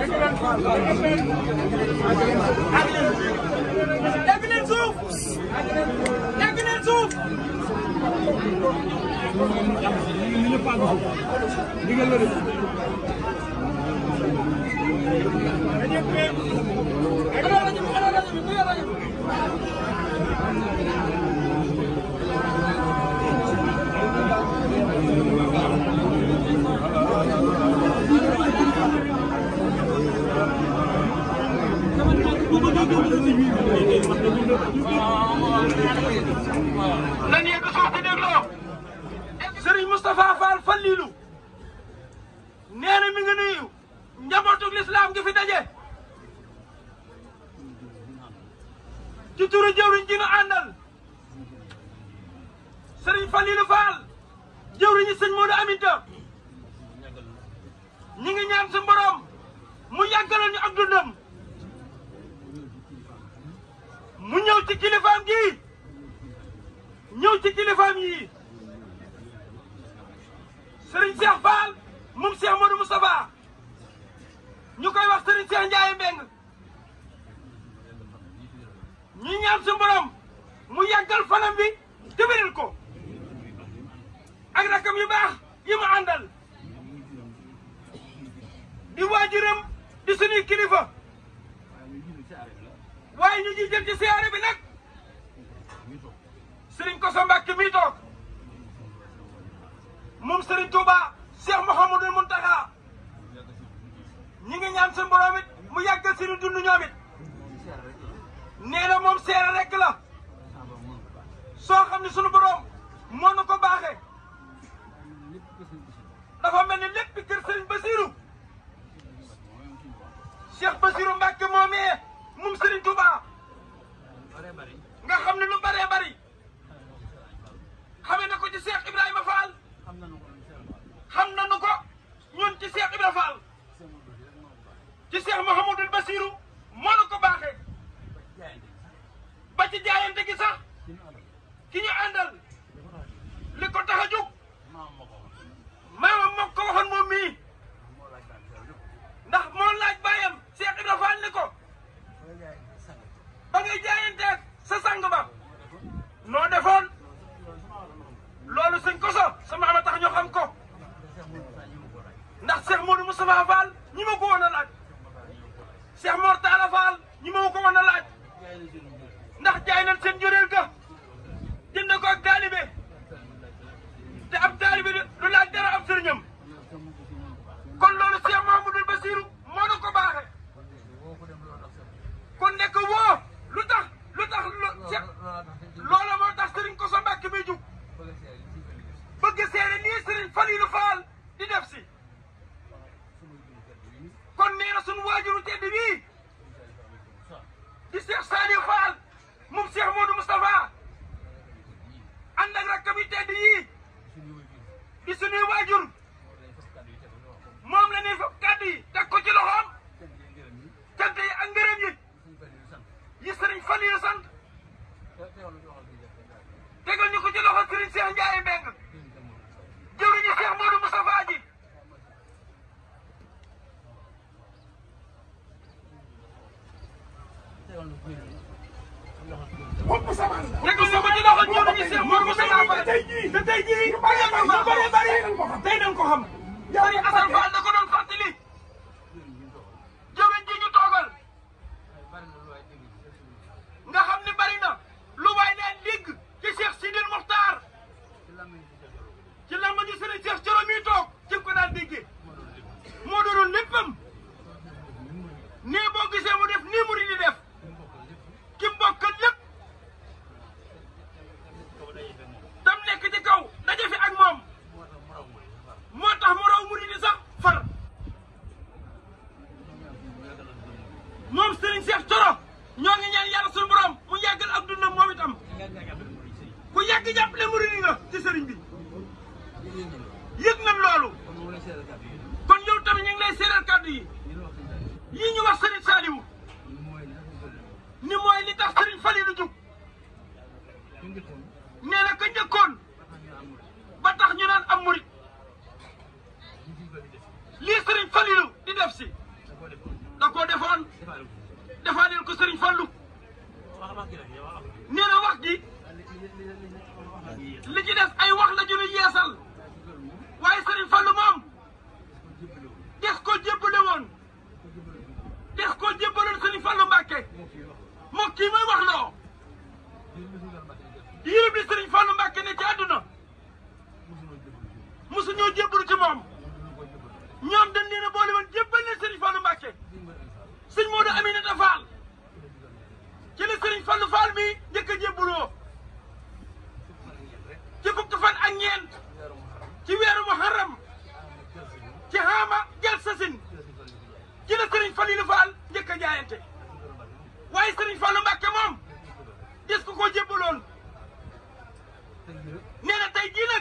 dagg leen suuf dagg leen suuf dagg leen suuf ñi sëñ Modou Aminta ñi ngi ñaan mu yàggaloon ñu ak mu ñëw ci kilifaam gi ñëw ci kilifaam yi Serigne Cheikh Fall moom Cheikh Modou Moustapha ñu koy wax Serigne Cheikh Ndiaye Mbeng ñu ñaan su borom mu yàggal fanam bi ko ak rakam yu bax yu mu andal di wajuram di suñuy kilifa way ñu ci jël ci siyaare bi nag sëriñ sa Mbàkke mi tok mum sëriñ Touba Cheikh Mouhamadul muntaha ñi nga ñaan seen borom it mu yàggal seenu dund ñoom it nee na moom la so xamni suñu borom mo nako baxé dafa mel ni lépp kër sëriñ Basirou Cheikh Basirou Mbacke moomee moom sëriñ Touba nga xam ne lu bëree bëri xamee na ko ci Cheikh Ibrahima Fall xam nañu ko ñun ci Cheikh Ibrahima Fall ci Cheikh Mouhamadul Basirou moo nu ko baaxee ba ci jaayante gi sax. Moustapha Fall ñi ma ko woon a laaj Cheikh Mor Talla Fall ñi ma ko woon a laaj ndax jaay nañ seen njuréel ga jënd ko ak taalibe te ab taalibe du laaj dara ab sëriñam kon loolu Cheikh Mamadou Bassirou moo na ko baaxe kon nekk woo lu tax lu tax loola moo tax sëriñ ko sa mbàkk bi jug bëgg seere nii sëriñ Falilou suñuy waajur I think kon yow yang ñu ngi lay séeral kàddu yi yi ñu wax Serigne Saliou ni mooy li tax Serigne Falilou jug nee na ka njëkkoon ba tax ñu naan am murit lii Serigne Falilou di def si da koo defoon defaaleel ko Serigne Fallou nee wax gi li ci ay wax la ñu yeesal waaye Serigne Fallou dex ko jébbale woon dex ko jébbaloon Serigne Fallou Mbacké moom kii mooy wax loo yërëm li Serigne Fallou Mbacké ne ci àdduna mosu ñoo jébbalu ci moom ñoom dañ leen a boole woon jébbal ne Serigne Fallou Mbacké sëñ Modou Aminata Fall ci la Serigne Fallou Fall mi njëkk a jébbaloo ci fukki fan ak ñeent ci weeru Muharram ci Haama Dial Sassine ci la Serigne Falilou Fall njëkk a jaayante waaye Serigne Fallou Mbacke moom gis ku ko jébbaloon nee na tey jii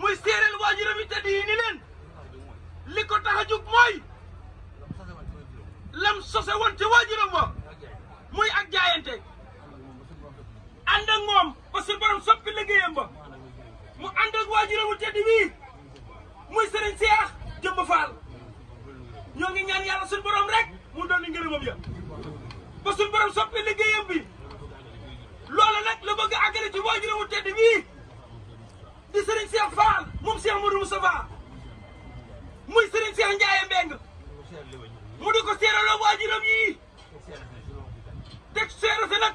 muy séeréel waajuram yi tëdd yi ni leen li ko tax a jóg mooy lam sose woon waajuram wa muy ak jaayante ànd ak moom ba si borom soppi liggéeyam ba mu ànd ak waajuramu tëdd wii muy Serigne Cheikh. jëmb faal ñoo ngi ñaan yàlla suñu borom rek mu doon ngërëmam ya ba suñu borom soppi liggéeyam bi loolu nak la bëgg àggale ci waajur wu tedd wii di sëriñ Cheikh Fall moom Cheikh Modou Moustapha muy sëriñ Cheikh Ndiaye Mbeng mu di ko seeraloo waajuram yii teg seerase nag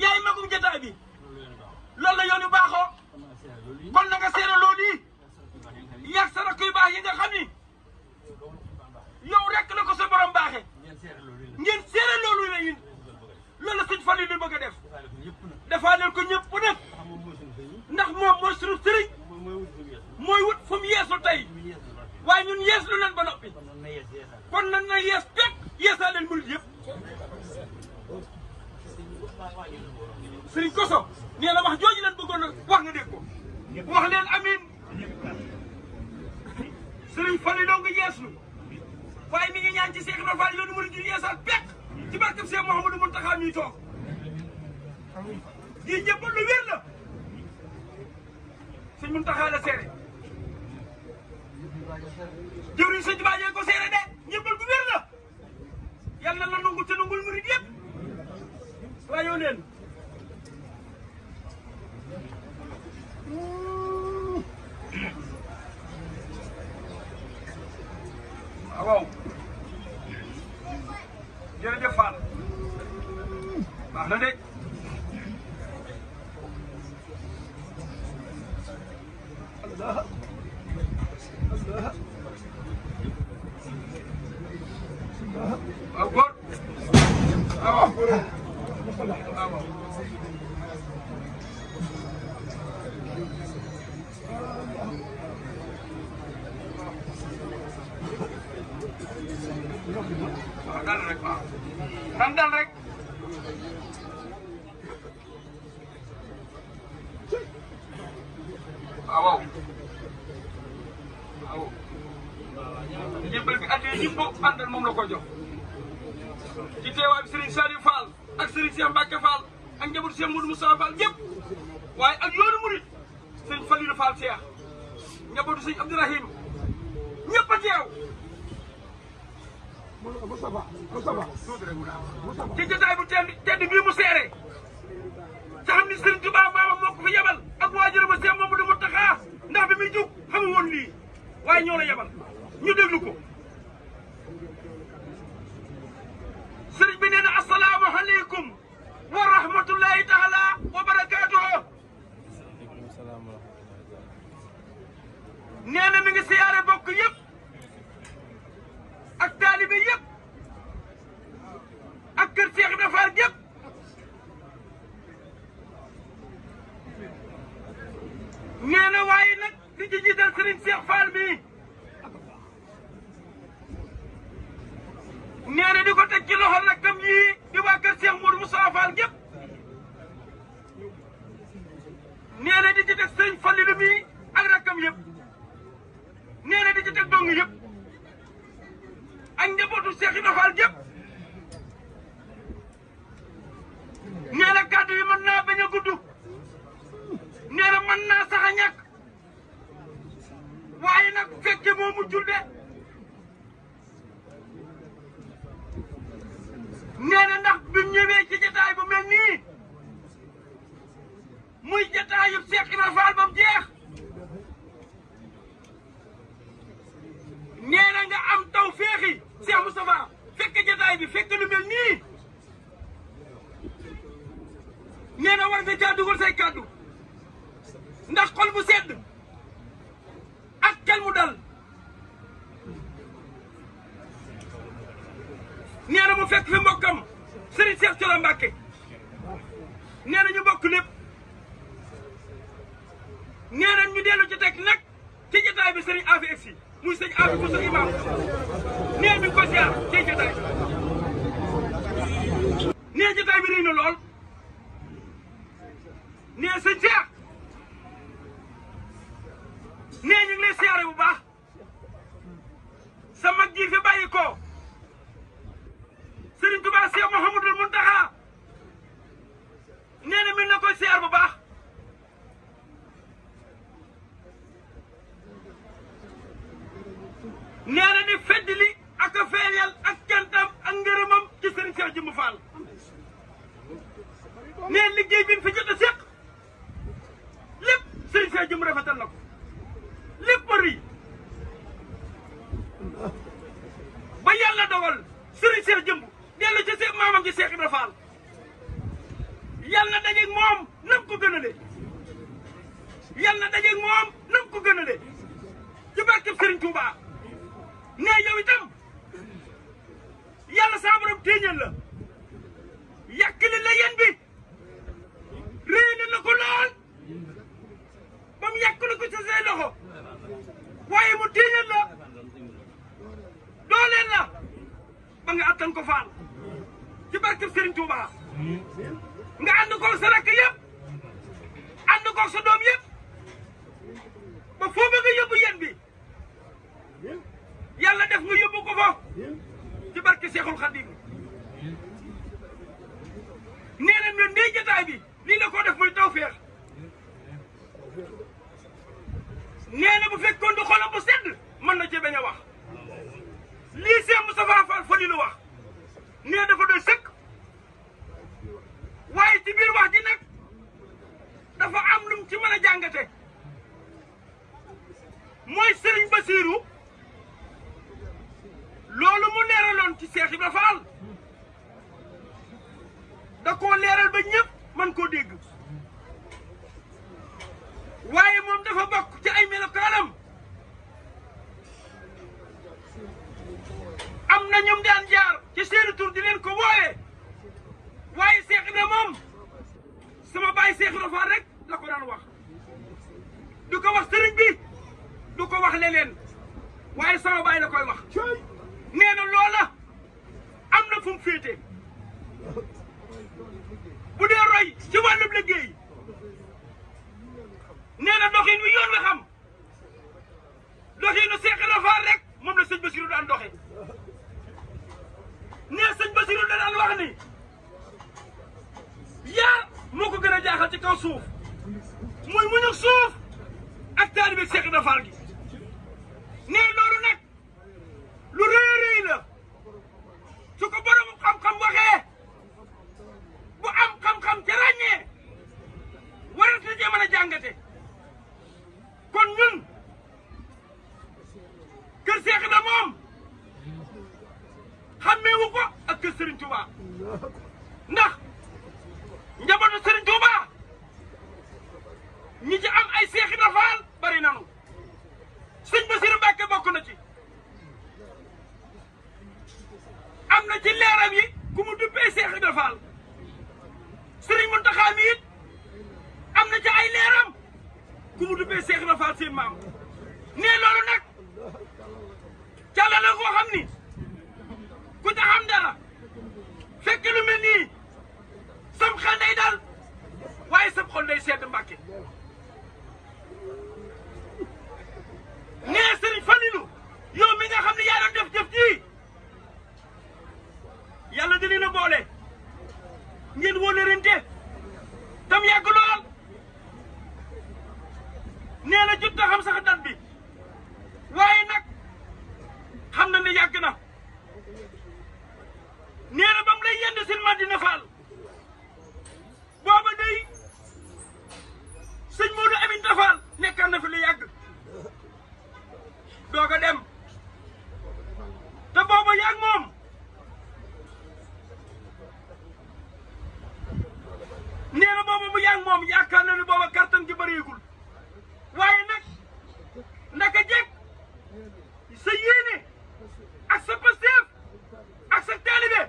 yaay magum jotaay bi loolu la yoon yu baaxoo kon na nga seere loolu yi yàgg sa rakk yu baax yi nga xam ni yow rek la ko sa borom baaxee ngeen seere loolu la yi loolu la sëñ Fallou di bëgg a def defaaleel ko ñëpp nag ndax moom mooy sunu sëriñ mooy wut fu yeesu tey waaye ñun yees lu leen ba noppi kon nan na yees pep yeesaaleel murid yëpp sëriñ Koso nee na wax jooju leen bëggoon na wax nga dégg ko wax leen amin sëriñ Fallou doo nga yeeslu waaye mi ngi ci Seex Ibra Fall yoonu mënu ñu yeesal pekk ci barkeb Seex Mouhamadou Mountakha ñuy toog lii ñëpp lu wér la sëñ Mountakha la seere jëwriñ sëñ Tuubaa ko seere de ñëpp lu wér la na la nangu te nangul murid yëpp rayo leen ah, waaw jërëjëf Fall baax na de yi bokk àndal moom la ko jox ci teewaayu Serigne Saliou Fall ak Serigne Cheikh Mbacke Fall ak njabootu Cheikh Moudou Moussa Fall ñëpp waaye ak yoonu murit Serigne Falilou Fall Cheikh njabootu Serigne Abdourahim ñëpp a teew ci jotaay bu tedd tedd bii mu seere te xam ni Serigne Touba baaba moo ko fi yebal ak waajuram Cheikh Mamadou Mountakha ndax bi muy jóg xamu woon lii waaye ñoo la yebal ñu déglu ko sëriñ bi nee na assalaamu aleykum réew mi yëpp ak yi mën naa bañ a gudd nee na naa sax a ñàkk waaye nag fekke moo mujjul de nee ndax bi mu ci jataay bu mel nii muy jataayu Cheikh Ibra Fall ba mu jeex nee na nga am taw féexi Cheikh fekk jataay bi fekk lu mel nii nee na war nga say kàddu ndax xol bu sedd ak xel mu dal nee na mu fekk fi mbokkam Serigne Cheikh Thioro Mbacké nee na ñu bokk lépp nee na ñu dellu ci teg nag ci jotaay bi Serigne Afia si muy sëñ Abi Bousso imam nee mi ko ziar ci jotaay nee jotaay bi rëy lool nee sëñ Cheikh nee ñu ngi lay siyaare bu baax sa mag ji fi bàyyi ko Serigne Touba Cheikh Mouhamadoul Mountakha nee na mi ngi la koy siyaar bu baax nee ni di ak a ak kantam ak ngërëmam ci serigne Cheikh Jumbu Fall nee liggéey biñ fi jot a lepp serigne Cheikh Jumbu rafetal nako lepp bari ba yalla dogal serigne Cheikh Jumbu delu ci seen maamam ci Cheikh Ibra Fall yàlla na dajeeg moom nam ko gënalé yalla de ak mom nam ko gënalé ci barke serigne Touba mais yow itam yàlla saa borom téeñal la yàkkali bi réy ko lool ba mu yàkkali ko ci say loxo waaye mu téeñal dooleel la ba nga attan ko faal ci barkeb Serigne Touba nga ànd koog sa rakk yëpp ànd koog sa doom yëpp ba foo bëgg yóbbu yéen bi yalla def nga yobbu ko fa ci barke cheikhul khadim neena nañ ndey jotaay bi li la ko def muy tawfiq neena bu fekkoon du xolam bu sedd man na ci bañ wax li Seex mustafa Fall lu wax ne dafa doy sekk waaye ci bir wax di nak dafa am lu ci mën jangate moy Serigne basirou loolu mu leeraloon ci Seex Ibra Faal da koo leeral ba ñëpp mën koo dégg waaye moom dafa bokk wax ni yaar moo ko gën a jaaxal ci kaw suuf muy muñu suuf ak taalibe Seex Ibra Faal gi jëflante tam yàgg lool nee na jot na xam sax sa yéene ak sa pasteef ak sa taalibe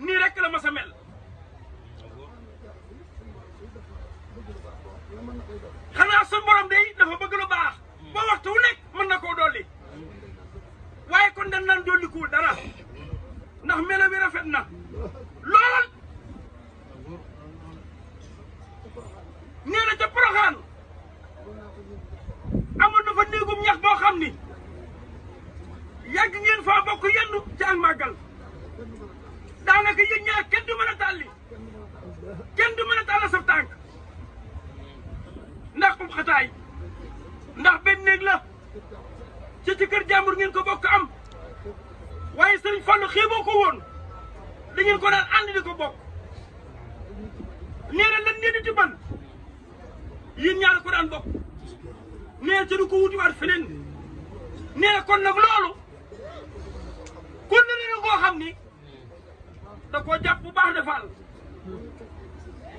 nii rek la mas a mel xataay ndax benn néeg la ci ci kër jàmbur ngeen ko bokk am waaye sëriñ Fallou xeeboo ko woon da ngeen ko daan ànd di ko bokk nee na lan ngeen di ci ban yéen ko daan bokk nee ca du ko wutiwaat feneen nee kon nag loolu kon ne na koo xam ni da koo jàpp bu baax defal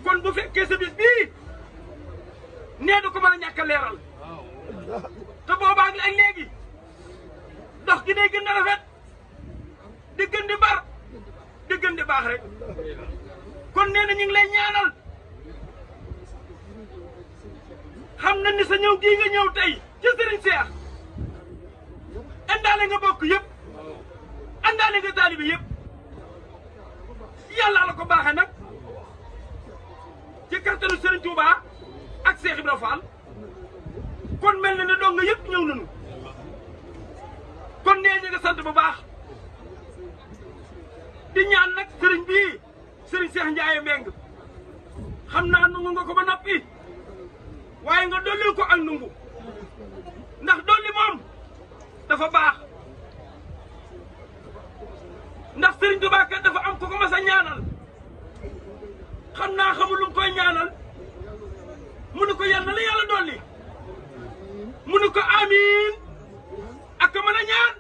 kon bu fekkee sa bii nee du ko mën a ñàkk a leeral te boobaa ak léegi dox gi day gën a rafet di di bar di di baax rek kon nee na ñu ngi lay ñaanal xam na ni sa ñëw gii nga ñëw tey ci sëriñ Seex àndaale nga bokk yëpp àndaale nga taalibi yëpp yàlla la ko baaxee nag ci kattanu sëriñ Tuubaa ak Cheikh Ibra Fall kon mel na ne dong yépp ñëw nañu kon nee ñu nga sant baax di ñaan nag sëriñ bii sëriñ Cheikh Ndiaye Mbengue xam naa nungu nga ko ba noppi waaye nga dolli ko ak nungu ndax dolli moom dafa baax ndax sëriñ Tuubaa kat dafa am ko ko mas a ñaanal xam naa xamul lu mu koy ñaanal mu ne ko yal na la yàlla dolli mu ne ko amiin ak mën a ñaan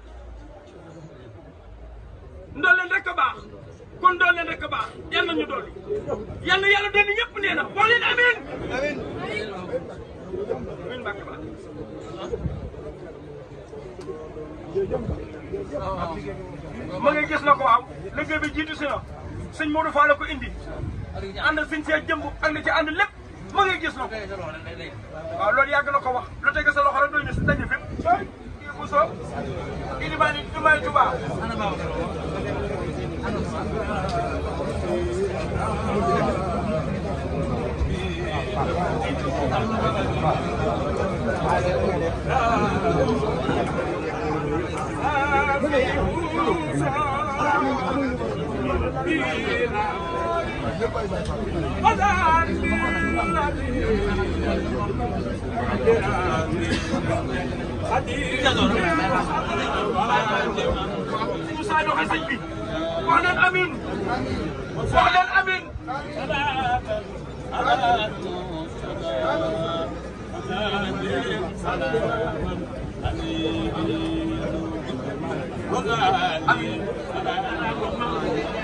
ndolleen rek a baax kon ndolleen rek a baax ñu dolli yal na yàlla dolli ñëpp nee na boo amiin amiin Mbàkke ma ngi gis na ko waaw liggéey bi jiitu si na sëñ Modou Fall la ko indi ànd sëñ see jëmb ak ci ànd lépp ma ngay gis na ko waaw loolu yàgg na ko wax lu tege sa loxo rek doy na si daje fépp kii Bousso ilimaani jumaay Tuubaa Yeah. موسى حسيبي وعلى الامين وعلى الامين أمين